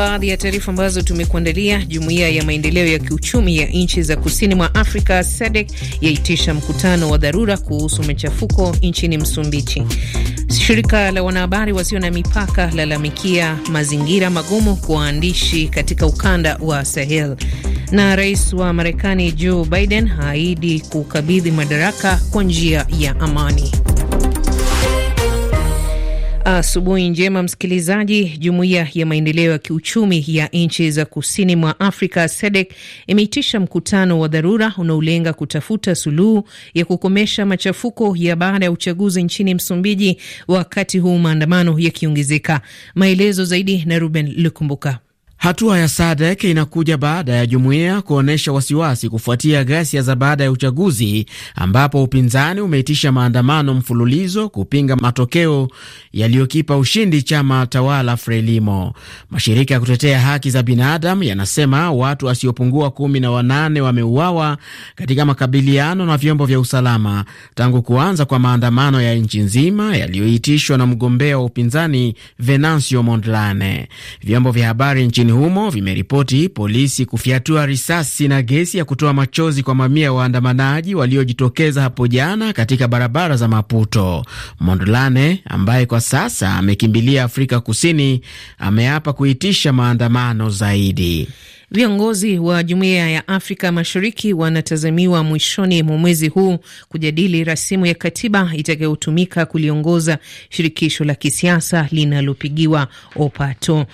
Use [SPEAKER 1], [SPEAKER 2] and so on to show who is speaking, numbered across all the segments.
[SPEAKER 1] baadhi ya taarifa ambazo tumekuandalia. Jumuiya ya maendeleo ya kiuchumi ya nchi za kusini mwa Afrika SADC yaitisha mkutano wa dharura kuhusu machafuko nchini Msumbiji. Shirika la wanahabari wasio na mipaka lalamikia mazingira magumu kwa waandishi katika ukanda wa Sahel. Na rais wa Marekani Joe Biden haahidi kukabidhi madaraka kwa njia ya amani. Asubuhi njema msikilizaji. Jumuiya ya maendeleo ya kiuchumi ya nchi za kusini mwa Afrika SADC imeitisha mkutano wa dharura unaolenga kutafuta suluhu ya kukomesha machafuko ya baada ya uchaguzi nchini Msumbiji, wakati huu maandamano yakiongezeka. Maelezo zaidi na Ruben Lukumbuka. Hatua ya SADC
[SPEAKER 2] inakuja baada ya jumuiya kuonyesha wasiwasi kufuatia ghasia za baada ya uchaguzi ambapo upinzani umeitisha maandamano mfululizo kupinga matokeo yaliyokipa ushindi chama tawala Frelimo. Mashirika ya kutetea haki za binadamu yanasema watu wasiopungua kumi na wanane wameuawa katika makabiliano na vyombo vya usalama tangu kuanza kwa maandamano ya nchi nzima yaliyoitishwa na mgombea wa upinzani Venancio Mondlane. Vyombo vya habari nchini nchini humo vimeripoti polisi kufyatua risasi na gesi ya kutoa machozi kwa mamia ya waandamanaji waliojitokeza hapo jana katika barabara za Maputo. Mondlane ambaye kwa sasa amekimbilia Afrika Kusini ameapa kuitisha maandamano zaidi.
[SPEAKER 1] Viongozi wa Jumuiya ya Afrika Mashariki wanatazamiwa mwishoni mwa mwezi huu kujadili rasimu ya katiba itakayotumika kuliongoza shirikisho la kisiasa linalopigiwa opato.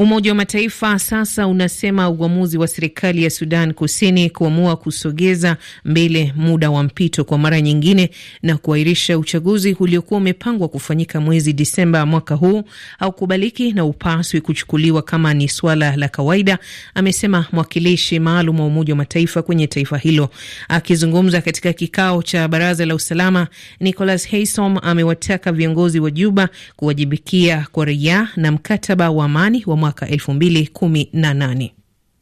[SPEAKER 1] Umoja wa Mataifa sasa unasema uamuzi wa serikali ya Sudan Kusini kuamua kusogeza mbele muda wa mpito kwa mara nyingine na kuahirisha uchaguzi uliokuwa umepangwa kufanyika mwezi Disemba mwaka huu haukubaliki na upaswi kuchukuliwa kama ni swala la kawaida, amesema mwakilishi maalum wa Umoja wa Mataifa kwenye taifa hilo. Akizungumza katika kikao cha Baraza la Usalama, Nicholas Haysom amewataka viongozi wa Juba kuwajibikia kwa raia na mkataba wa amani wa mwaka 2018.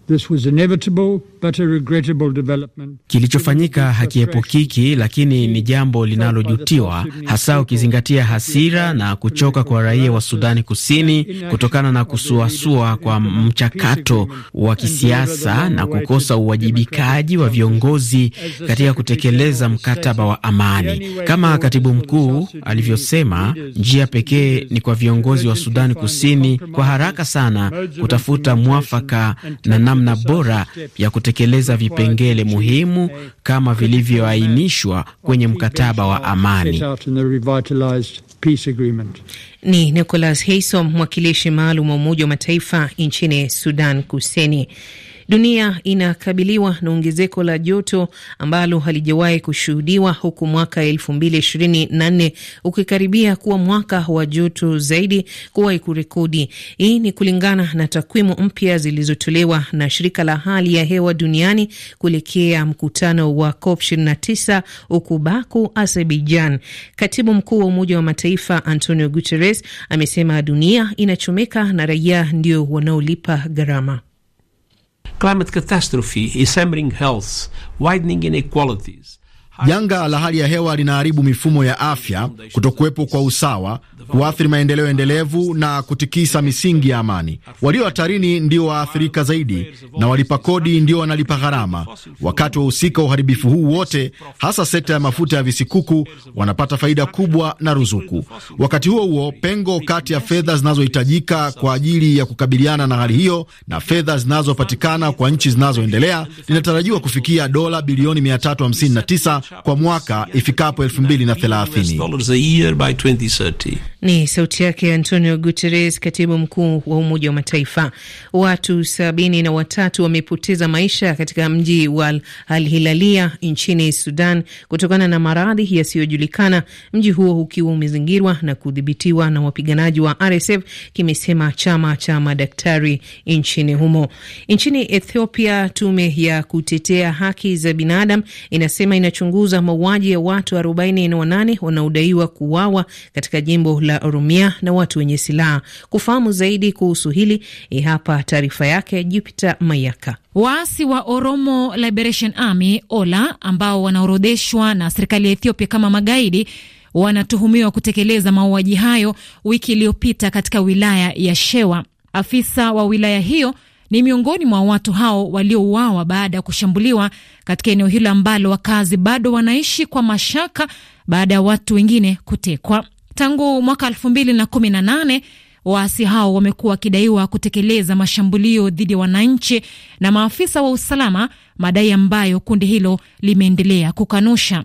[SPEAKER 2] This was inevitable but a regrettable development. Kilichofanyika hakiepukiki, lakini ni jambo linalojutiwa, hasa ukizingatia hasira na kuchoka kwa raia wa Sudani Kusini kutokana na kusuasua kwa mchakato wa kisiasa na kukosa uwajibikaji wa viongozi katika kutekeleza mkataba wa amani. Kama katibu mkuu alivyosema, njia pekee ni kwa viongozi wa Sudani Kusini kwa haraka sana kutafuta mwafaka na namna bora ya kutekeleza vipengele muhimu kama vilivyoainishwa kwenye mkataba wa amani.
[SPEAKER 1] Ni Nicholas Haysom, mwakilishi maalum wa Umoja wa Mataifa nchini Sudan Kusini. Dunia inakabiliwa na ongezeko la joto ambalo halijawahi kushuhudiwa huku mwaka elfu mbili ishirini na nne ukikaribia kuwa mwaka wa joto zaidi kuwahi kurekodi. Hii ni kulingana na takwimu mpya zilizotolewa na shirika la hali ya hewa duniani kuelekea mkutano wa COP 29 huku Baku, Azerbaijan. Katibu mkuu wa Umoja wa Mataifa Antonio Guterres amesema dunia inachomeka na raia ndio wanaolipa gharama.
[SPEAKER 2] Climate catastrophe is hammering health, widening inequalities, Janga la hali ya hewa linaharibu mifumo ya afya, kutokuwepo kwa usawa, kuathiri maendeleo endelevu na kutikisa misingi ya amani. Walio hatarini ndio waathirika zaidi, na walipa kodi ndio wanalipa gharama. Wakati wahusika wa uharibifu huu wote, hasa sekta ya mafuta ya visikuku, wanapata faida kubwa na ruzuku. Wakati huo huo, pengo kati ya fedha zinazohitajika kwa ajili ya kukabiliana na hali hiyo na fedha zinazopatikana kwa nchi zinazoendelea linatarajiwa kufikia dola bilioni 359 kwa mwaka ifikapo 230
[SPEAKER 1] Ni sauti yake Antonio Guterres, katibu mkuu wa Umoja wa Mataifa. Watu sabini na watatu wamepoteza maisha katika mji wa Al-Hilalia nchini Sudan kutokana na maradhi yasiyojulikana, mji huo ukiwa umezingirwa na kudhibitiwa na wapiganaji wa RSF, kimesema chama cha madaktari nchini humo. Nchini Ethiopia, tume ya kutetea haki za binadamu inasema inachunguza kuchunguza mauaji ya watu 48 wanaodaiwa kuuawa katika jimbo la Oromia na watu wenye silaha. Kufahamu zaidi kuhusu hili, hapa taarifa yake Jupiter Mayaka. Waasi wa Oromo Liberation Army OLA ambao wanaorodheshwa na serikali ya Ethiopia kama magaidi wanatuhumiwa kutekeleza mauaji hayo wiki iliyopita katika wilaya ya Shewa. Afisa wa wilaya hiyo ni miongoni mwa watu hao waliouawa baada ya kushambuliwa katika eneo hilo ambalo wakazi bado wanaishi kwa mashaka baada ya watu wengine kutekwa. Tangu mwaka 2018 waasi hao wamekuwa wakidaiwa kutekeleza mashambulio dhidi ya wananchi na maafisa wa usalama, madai ambayo kundi hilo limeendelea kukanusha.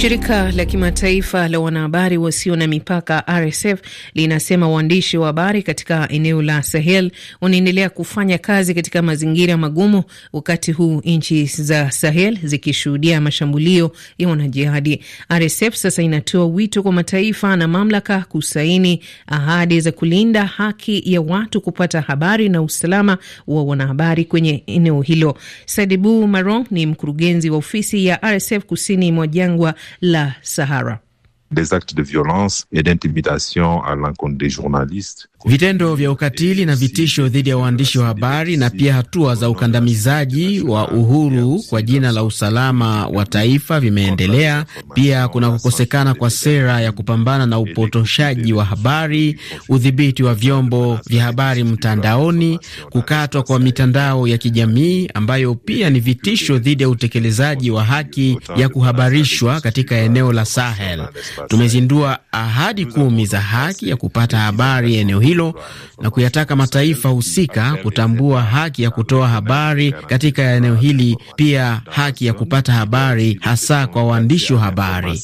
[SPEAKER 1] Shirika la kimataifa la wanahabari wasio na mipaka RSF linasema waandishi wa habari katika eneo la Sahel wanaendelea kufanya kazi katika mazingira magumu, wakati huu nchi za Sahel zikishuhudia mashambulio ya wanajihadi. RSF sasa inatoa wito kwa mataifa na mamlaka kusaini ahadi za kulinda haki ya watu kupata habari na usalama wa wanahabari kwenye eneo hilo. Sadibu Maron ni mkurugenzi wa ofisi ya RSF kusini mwa jangwa la Sahara.
[SPEAKER 2] Des actes de violence et d'intimidation à l'encontre des journalistes, Vitendo vya ukatili na vitisho dhidi ya waandishi wa habari na pia hatua za ukandamizaji wa uhuru kwa jina la usalama wa taifa vimeendelea. Pia kuna kukosekana kwa sera ya kupambana na upotoshaji wa habari, udhibiti wa vyombo vya habari mtandaoni, kukatwa kwa mitandao ya kijamii ambayo pia ni vitisho dhidi ya utekelezaji wa haki ya kuhabarishwa katika eneo la Sahel. Tumezindua ahadi kumi za haki ya kupata habari eneo hilo hilo na kuyataka mataifa husika kutambua haki ya kutoa habari katika eneo hili, pia haki ya kupata habari hasa kwa waandishi wa habari.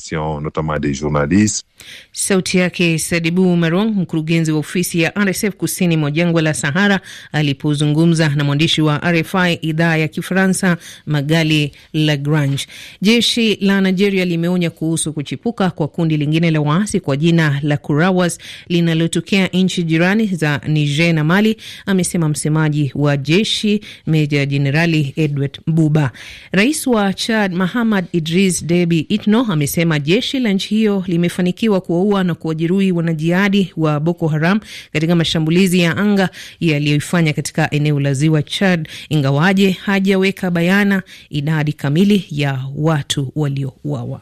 [SPEAKER 1] Sauti yake Sadibu Marong, mkurugenzi wa ofisi ya RSF kusini mwa jangwa la Sahara, alipozungumza na mwandishi wa RFI idhaa ya Kifaransa, Magali Lagrange. Jeshi la Nigeria limeonya kuhusu kuchipuka kwa kundi lingine la waasi kwa jina la Kurawas linalotokea nchi jirani za Niger na Mali, amesema msemaji wa jeshi Meja Jenerali Edward Buba. Rais wa Chad Mahamad Idris Debi Itno amesema jeshi la nchi hiyo limefanikiwa wa kuwaua na kuwajeruhi wanajihadi wa Boko Haram katika mashambulizi ya anga yaliyoifanya katika eneo la ziwa Chad, ingawaje hajaweka bayana idadi kamili ya watu waliouawa.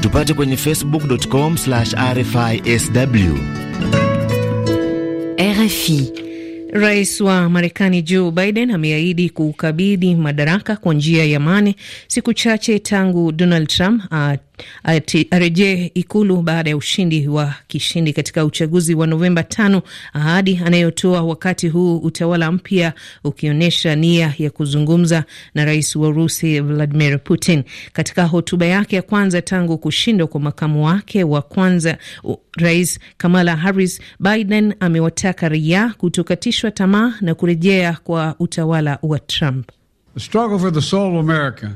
[SPEAKER 2] Tupate kwenye facebook.com rfisw.
[SPEAKER 1] RFI. Rais wa Marekani Joe Biden ameahidi kukabidhi madaraka kwa njia ya amani siku chache tangu Donald Trump arejee Ikulu baada ya ushindi wa kishindi katika uchaguzi wa Novemba tano, ahadi anayotoa wakati huu utawala mpya ukionyesha nia ya kuzungumza na rais wa Urusi Vladimir Putin. Katika hotuba yake ya kwanza tangu kushindwa kwa makamu wake wa kwanza Rais Kamala Harris, Biden amewataka raia kutokatishwa tamaa na kurejea kwa utawala wa Trump. The struggle
[SPEAKER 2] for the soul of America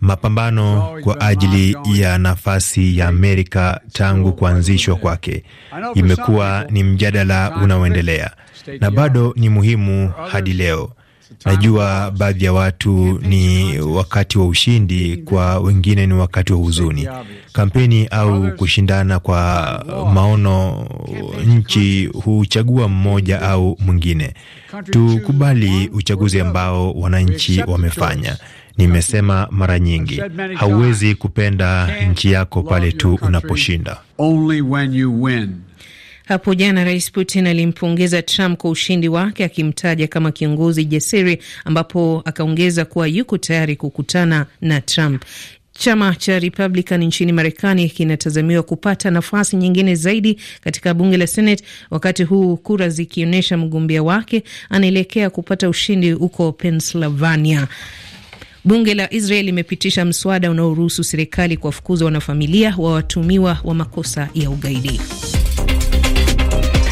[SPEAKER 2] mapambano kwa ajili ya nafasi ya Amerika tangu kuanzishwa kwake. Imekuwa ni mjadala unaoendelea na bado ni muhimu hadi leo. Najua baadhi ya watu ni wakati wa ushindi, kwa wengine ni wakati wa huzuni. Kampeni au kushindana kwa maono, nchi huchagua mmoja au mwingine. Tukubali uchaguzi ambao wananchi wamefanya. Nimesema mara nyingi, hauwezi kupenda nchi yako pale tu unaposhinda.
[SPEAKER 1] Hapo jana Rais Putin alimpongeza Trump kwa ushindi wake akimtaja kama kiongozi jasiri, ambapo akaongeza kuwa yuko tayari kukutana na Trump. Chama cha Republican nchini Marekani kinatazamiwa kupata nafasi nyingine zaidi katika bunge la Senate, wakati huu kura zikionyesha mgombea wake anaelekea kupata ushindi huko Pennsylvania. Bunge la Israel limepitisha mswada unaoruhusu serikali kuwafukuza wanafamilia wa watumiwa wa makosa ya ugaidi.